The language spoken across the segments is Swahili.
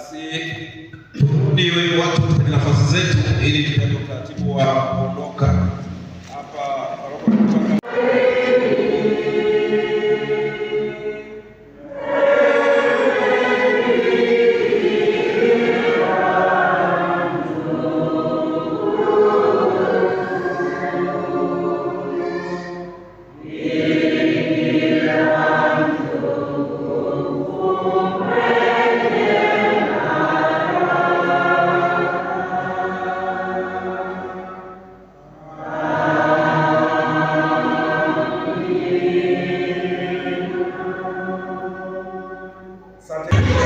basi turudi watu kwenye nafasi zetu, ili tupate utaratibu wa kuondoka. কারণে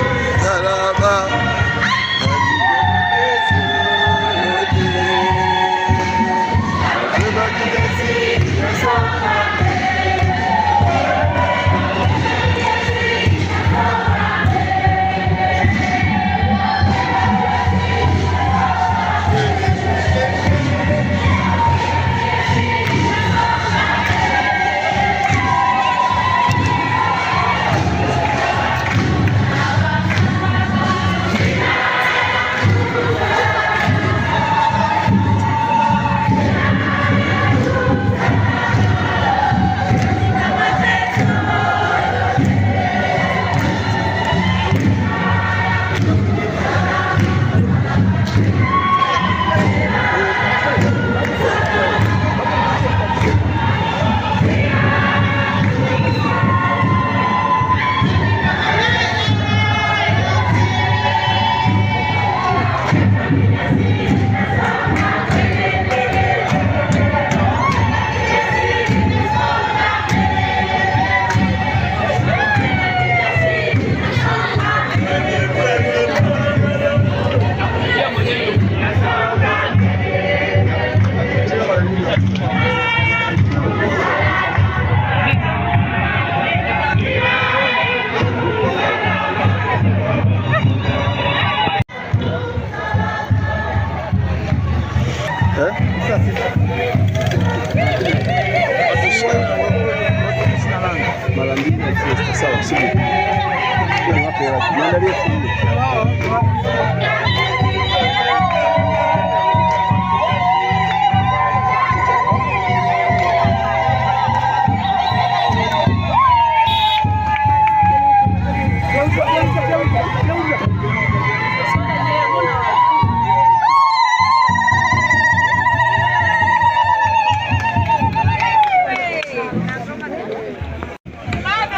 mara mbili na Fiesta sawa, siku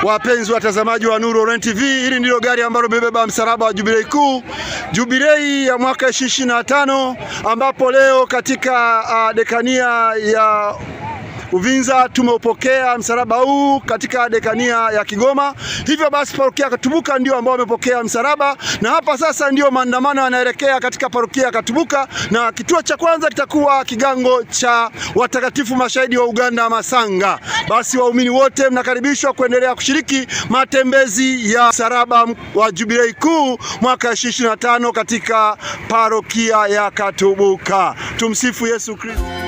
Wapenzi watazamaji wa Nuru Online TV, hili ndilo gari ambalo limebeba msalaba wa Jubilei kuu, Jubilei ya mwaka 25 ambapo leo katika uh, dekania ya Uvinza tumeupokea msalaba huu katika dekania ya Kigoma. Hivyo basi parokia Katubuka ndio ambao wamepokea msalaba, na hapa sasa ndio maandamano yanaelekea katika parokia ya Katubuka, na kituo cha kwanza kitakuwa kigango cha watakatifu mashahidi wa Uganda Masanga. Basi waumini wote mnakaribishwa kuendelea kushiriki matembezi ya msalaba wa Jubilei Kuu mwaka 25 katika parokia ya Katubuka. Tumsifu Yesu Kristo.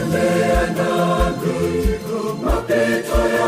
kutembea na mapito ya